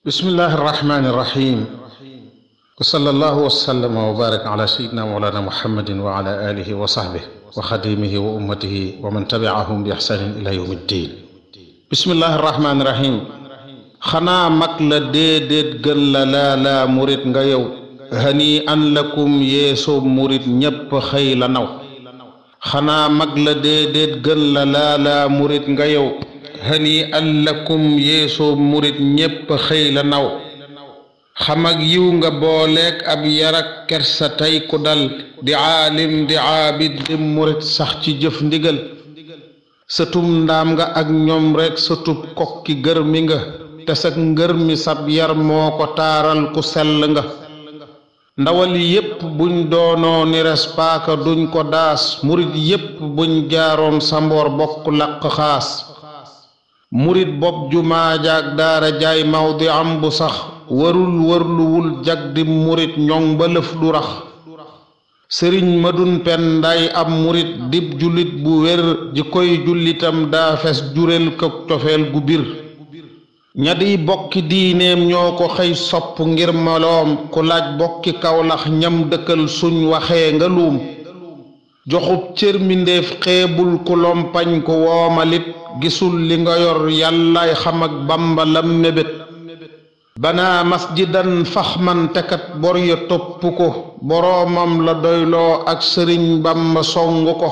bismillahi irrahmani irrahim wa sallallahu wasallama wa baraka ala sayidina mawlana muhammadin wa ala alihi wa sahbih wa xadimihi wa ummatihi wa man tabiahum bi ixsanin ila yawmi ddin bismillahi irrahmani irrahim xanaa mag la déedéet gën la laa laa murit nga yow hani an lakum yeesoo murit ñépp xëy la naw xanaa mag la déedéet gën la laa laa murit nga yow hani an lakum yeesoo murit ñépp xëy la naw xam ak yiw nga booleek ab yarak kersa tey ku dal di aalim di aabid di murit sax ci jëf ndigal sëtum ndam nga ak ñoom rekk sëtub kokki gër mi nga te sag ngër mi sab yar moo ko taaral ku sell nga ndawali yépp buñ doonoo ni res paaka duñ ko daas murit yépp buñ jaaroon samboor bokk laq xaas murit bopp jumaa jaag daara jaay di am bu sax warul wërluwul jag di murit ñoŋ ba lëf du rax sëriñ madun pen nday ab murit dib jullit bu wér ji koy jullitam daa fes jureel këk cofeel gu bir ña di bokki diineem ñoo ko xëy sopp ngir maloom ku laaj bokki kawlax ñam dëkkal suñ waxee nga luum joxub cër mbindéef xeebul ku lompañ ku woomalit gisul li nga yor yàllaay xam ak bamba lam mébét banaa masjidan faxman tekat bor ya topp ko boroomam la doyloo ak sëriñ bamba song ko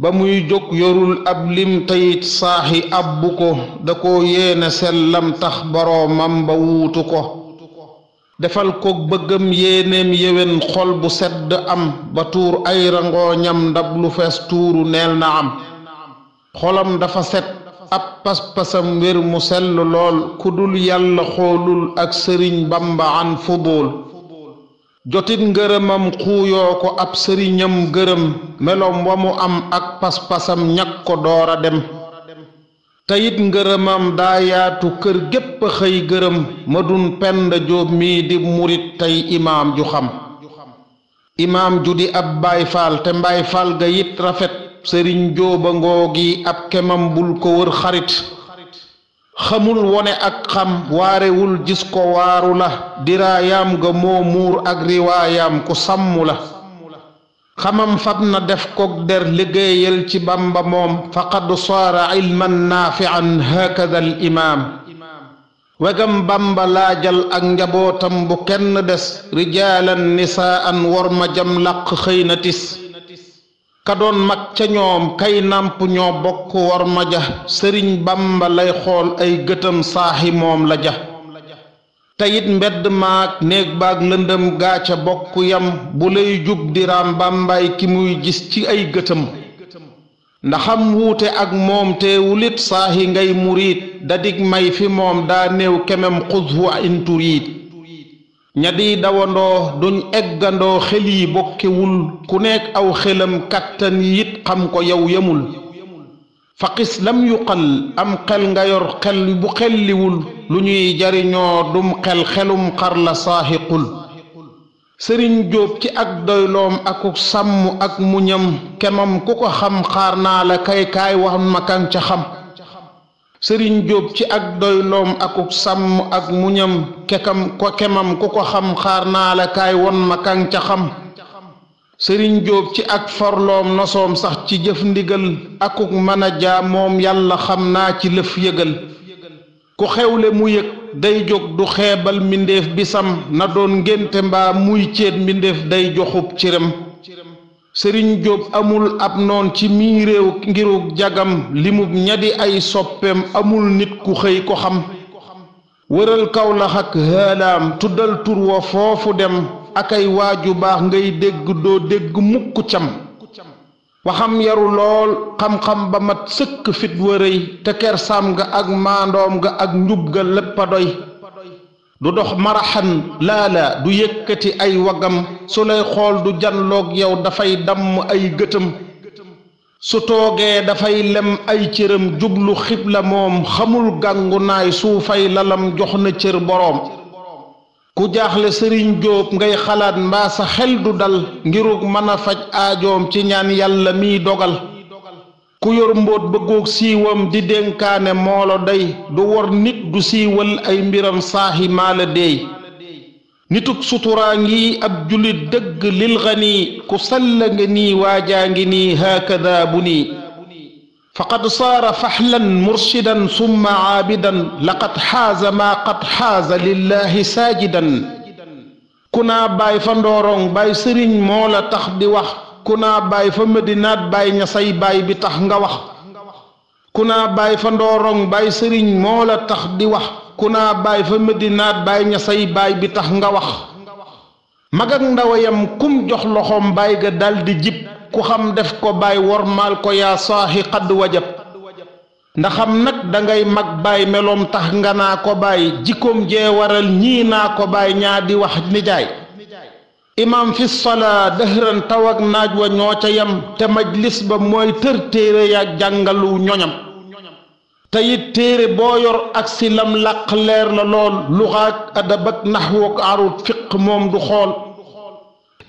ba muy jóg yorul ab lim tayit saaxi abbu ko da ko yéene sellam tax boroomam ba wuutu ko defal ko bëggam yéenéem yéwén xol bu sedd am ba tuur ay rangoo ñam ndab lu fees tuuru neel na am xolam dafa set ab pas-pasam wér mu sell lool ku dul yàlla xoolul ak sëriñ bamba an fudul jotit ngërëmam xuuyoo ko ab sëriñam gërëm melom wa mu am ak pas-pasam ñag ko doora dem teyit ngërëmam daa yaatu kër gépp a xëy gërëm ma dun penda jóob mii di murit tey imaam ju xam imaam ju di ab baay faal te mbaay faal ga yit rafet sëriñ jóoba ngoogi ab kemam bul ko wër xarit xamul wone ak xam waarewul gis ko waaru la diraayaam ga moo muur ak riwaayam ku sàmm la xamam fab na def koog der liggéeyal ci bamba moom faqad saara ilman naafian hakada al imaam wegam bamba laajal ak njabootam bu kenn des rijaalan nisaan war ma jam làq xëy na tis kadoon doon mag ca ñoom kay nàmpuñoo bokk war sëriñ bamba lay xool ay gëtam saaxi moom la ja te it mbedd maag néeg baag lëndëm gaa ca bokk yam bu lay jub di raam bàmbaay ki muy gis ci ay gëtam ndaxam wuute ak moom teewulit saahi ngay muriit dadig may fi moom daa néew kemem xusfu a inturiit ña di dawandoo duñ eggandoo xel yi bokkewul ku nekk aw xelam kàttan yi it xam ko yow yamul faqis lam yuqal am xel nga yor xel bu xelliwul lu ñuy jariñoo dum xel xelum xar la saaxiqul sëriñ jóob ci ak doyloom akuk sàmm ak muñam kemam ku ko xam xaar naa la kay kaay wax ma kan ca xam sëriñ jóob ci ak doyloom akuk sàmm ak muñam kekam ko kemam ku ko xam xaar naa la kaay won ma kan ca xam sëriñ jóob ci ak farloom nosoom sax ci jëf ndigal akuk mën a jaa moom yàlla xam naa ci lëf yëgal ku xewle mu yëg day jóg du xeebal mbindeef bisam na doon ngénte mbaa muy céet mbindeef day joxub cirem sëriñ jóob amul ab noon ci mii réew ngirug jagam limub ñadi ay soppeem amul nit ku xëy ko xam wëral kaw lax ak haalaam tuddal tur wa foofu dem ak ay waaju baax ngay dégg doo dégg mukk cam waxam yaru lool xam-xam ba mat sëkk fit rëy te kersaam ga ak maandoom ga ak njub ga lépp a doy du dox maraxan laala du yëkkati ay wagam su lay xool du janloog yow dafay damm ay gëtam su toogee dafay lem ay cëram jublu la moom xamul gàngunaay naay suufay lalam jox na cër boroom ku jaaxle sëriñ jóob ngay xalaat mbaa sa xel du dal ngirug mën a faj aajoom ci ñaan yàlla miy dogal ku yor mbóot bëggoog siiwam di dénkaane moolo day du wor nit du siiwal ay mbiram saaxi maala deey nitug suturaa ngi ab julit dëgg lil xanii ku salla nga nii waajaa ngi nii haakada bu nii faqad saara faxlan murshidan summa caabidan laqad xaaza maa qad xaaza lillahi saajidan ku naa baay fa ndoorong baay sëriñ moo la tax di wax ku naa baay fa madinaat baay ñasay baay bi tax nga wax ku naa baay fa ndoorong baay sëriñ moo la tax di wax ku naa baay fa madinaat baay ñasay baay bi tax nga wax mag ak kum jox loxoom baay ga daldi jib ku xam def ko baay wormaal ko yaa saaxi xadd wajab ndaxam nag dangay mag baay meloom tax nga naa ko baay jikkoom jee waral ñii naa ko baay ñaa di wax nijaay imaam fi solaa dëhëran taw naaj wa ñoo ca yam te majlis ba mooy tër téere yaa jàngalu ñoñam te it téere boo yor ak si lam làq leer la lool luxaak adab ak naxwook arut fiq moom du xool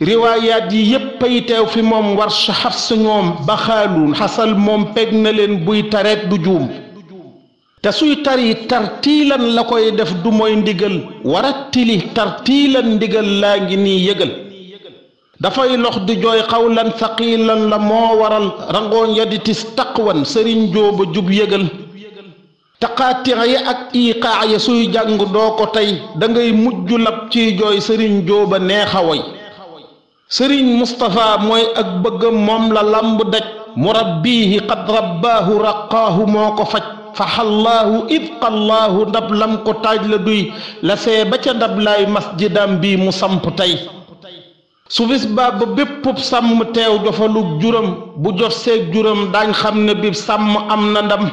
riwaayaat yi yépp ay teew fi moom war su xafs ñoom baxaaluun xasal moom peg na leen buy tareet du juum te suy tari tartiilan la koy def du mooy ndigal warattili tartiilan ndigal laa ngi nii yëgal dafay lox di jooy xawlan saqiilan la moo waral rangooñ ya di tis taqwan sëriñ jóoba jub yëgal taqaatix ya ak iqaax ya suy jàng doo ko tey dangay mujj lab ciy jooy sëriñ jóoba neexa woy sëriñ Mustapha mooy ak bëggam moom la lamb daj murabbihi qad rabbaahu raqaahu moo ko faj faxallaahu idqallaahu ndab lam ko taaj la duy la see ba ca ndab laay masjidam bii mu samp tey su bis ba bépp sàmm teew jofalug juróom bu jot seeg juróom daañ xam ne bi sàmm am na ndam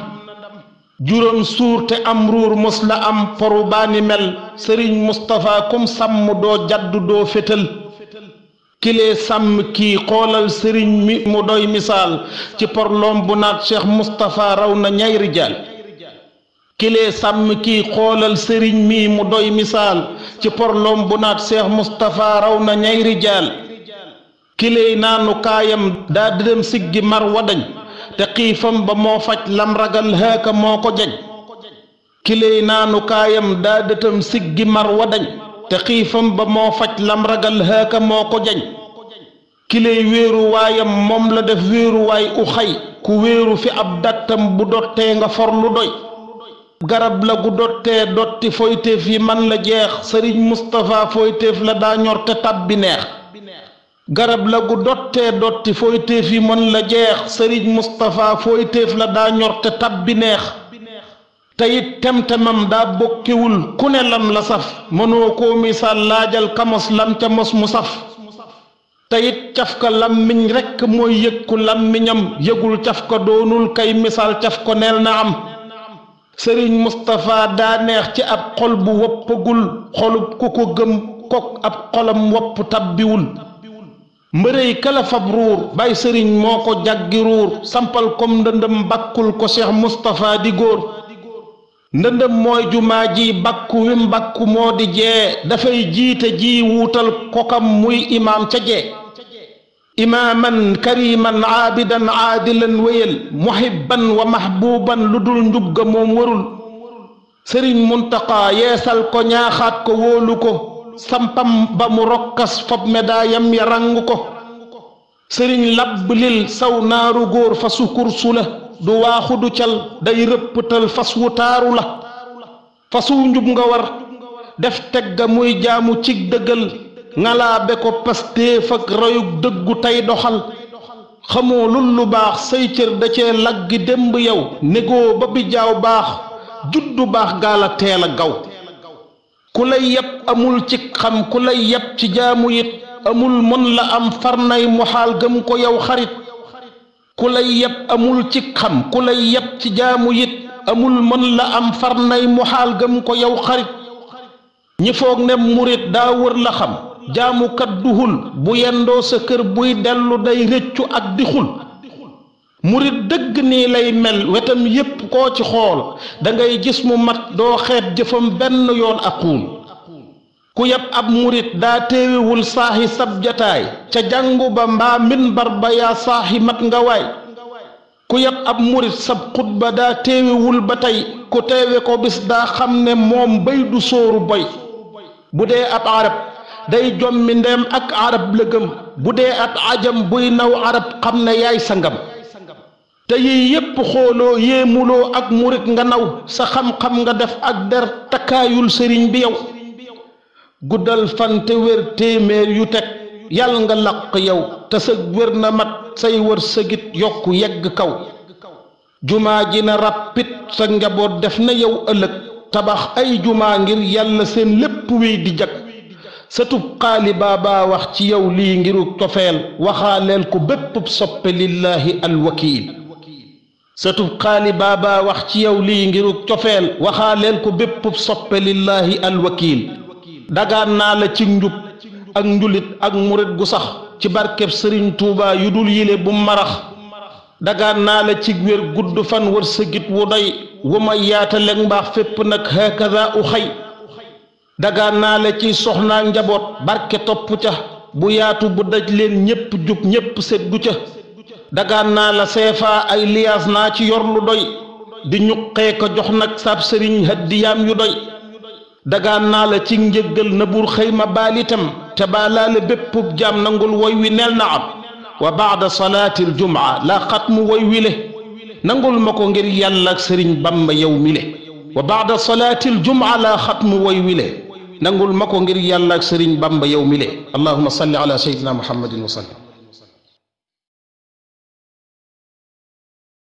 juróom suur te am ruur mos la am poru baani mel sëriñ Mustapha kum sàmm doo jaddu doo fétal kilee sàmm kii xoolal sëriñ mi mu doy misaal ci porloom bu naat cheikh moustapha raw na ñay rijaal kilee sàmm kii xoolal sëriñ mi mu doy misaal ci porloom bu naat cheikh moustapha raw na ñay rijaal kilee naanu kaayam daa dërëm siggi mar wadañ te xiifam ba moo faj lam ragal hëkka moo ko jeg kilee naanu kaayam daa dëtam siggi mar wadañ te xiifam ba moo faj lam ragal hëkka moo ko jañ kiley wéeru waayam moom la def wéeruwaay u xay ku wéeru fi ab dàttam bu dottee nga for lu doy garab la gu dottee dotti foyteef yi man la jeex sëriñ Mustapha foyteef la daa ñor te tab bi neex garab la gu dottee dotti foyteef yi man la jeex sëriñ Mustapha foyteef la daa ñor te tab bi neex te it tem-temam daa bokkewul ku ne lam la saf mënoo koo misaal laajal kamos lam ca mos mu saf te it caf rekk mooy yëg ku làmmiñam yëgul caf ka doonul kay misaal caf ko neel na am sëriñ Mustapha daa neex ci ab xol bu woppagul xolub ku ko gëm kok ab xolam wopp tabbiwul mbërëy kala ruur bay sëriñ moo ko jaggi ruur sampal kom ndëndëm bakkul ko Cheikh Mustapha di góor ndëndëm mooy jumaa ji bàkku wi mbàkku moo di jee dafay jiite ji wuutal kokam muy imaam ca jee imaaman kariman aabidan aadilan wéyal muhibban wa mahbuuban lu dul njub ga moom warul sëriñ muntaqa yeesal ko ñaaxaat ko wóolu ko sampam ba mu rokkas fob medaayam ya ràng ko sëriñ labb lil saw naaru góor fa sukur sula du waaxu du cal day rëpptal fas wu taaru la fasu njub nga war def tegga muy jaamu cig dëggal ngalaabe ko pastéef ak rayug dëggu tey doxal xamoo lu lu baax say cër da cee laggi démb yow négoo ba bi jaaw baax juddu baax gaala teel a gaw ku lay yab amul ci xam ku lay yab ci jaamu it amul mën la am farnay mu xaal gëm ko yow xarit ku lay yeb amul ci xam ku lay yeb ci jaamu yit amul mën la am far nay mu xaal gëm ko yow xarit ñi foog ne murit daa wër la xam jaamukat duhul bu yendoo sa kër buy dellu day rëccu ak di xul murit dëgg nii lay mel wetam yépp koo ci xool dangay gis mu mat doo xeet jëfam benn yoon ak xuul ku yab ab murit daa téewewul saaxi sab jataay ca jàngu ba mbaa minbar ba yaa saaxi mat nga waay ku yab ab murit sab xutba daa téewewul ba tey ku teewe ko bis daa xam ne moom bay du sóoru boy bu dee ab arab day jommi ndeem ak arab lëgëm bu dee ab ajam buy naw arab xam ne yaay sangam te yii yépp xooloo yéemuloo ak murit nga naw sa xam-xam nga def ak der takkaayul sëriñ bi yow guddal fan te wér téeméer yu teg yàlla nga làq yow te sa wér na mat say wër sëgit yokku yegg kaw jumaa ji na rappit sa njaboot def na yow ëllëg tabax ay jumaa ngir yàlla seen lépp wiy di jag satub xaali baabaa wax ci yow lii ngiru cofeel waxaaleel ko bépp soppe lillaahi alwakiil satub xaali baabaa wax ci yow lii ngiru cofeel waxaaleel ko bépp soppe lillaahi alwakiil dagaan naa la ci njub ak njulit ak murit gu sax ci barkeb sëriñ tuuba yu dul yile bu marax dagaan naa la ci wér gudd fan wër sëgit wu doy wu may yaata leg mbaax fépp nag hakaza u xay dagaan naa la ci soxnaa njaboot barke topp ca bu yaatu bu daj leen ñépp jub ñépp seddu ca dagaan naa la seefaa ay liyaas naa ci yor lu doy di ñuqee ko jox nag sab sëriñ haddiyaam yu doy dagaan naa la ci njëggal na buur xëy ma baal itam te baalaale béppub jaam nangul woy wi neel na am wa baada salaati aljumaa laa xatmu woy wi le nangul ma ko ngir yàlla ak sëriñ bamba yow mi le wa baada salaati aljumaa laa xatmu woy wi le nangul ma ko ngir yàlla ak sëriñ bamba yow mi le allahuma salli ala sayyidina muhammadin wa sallam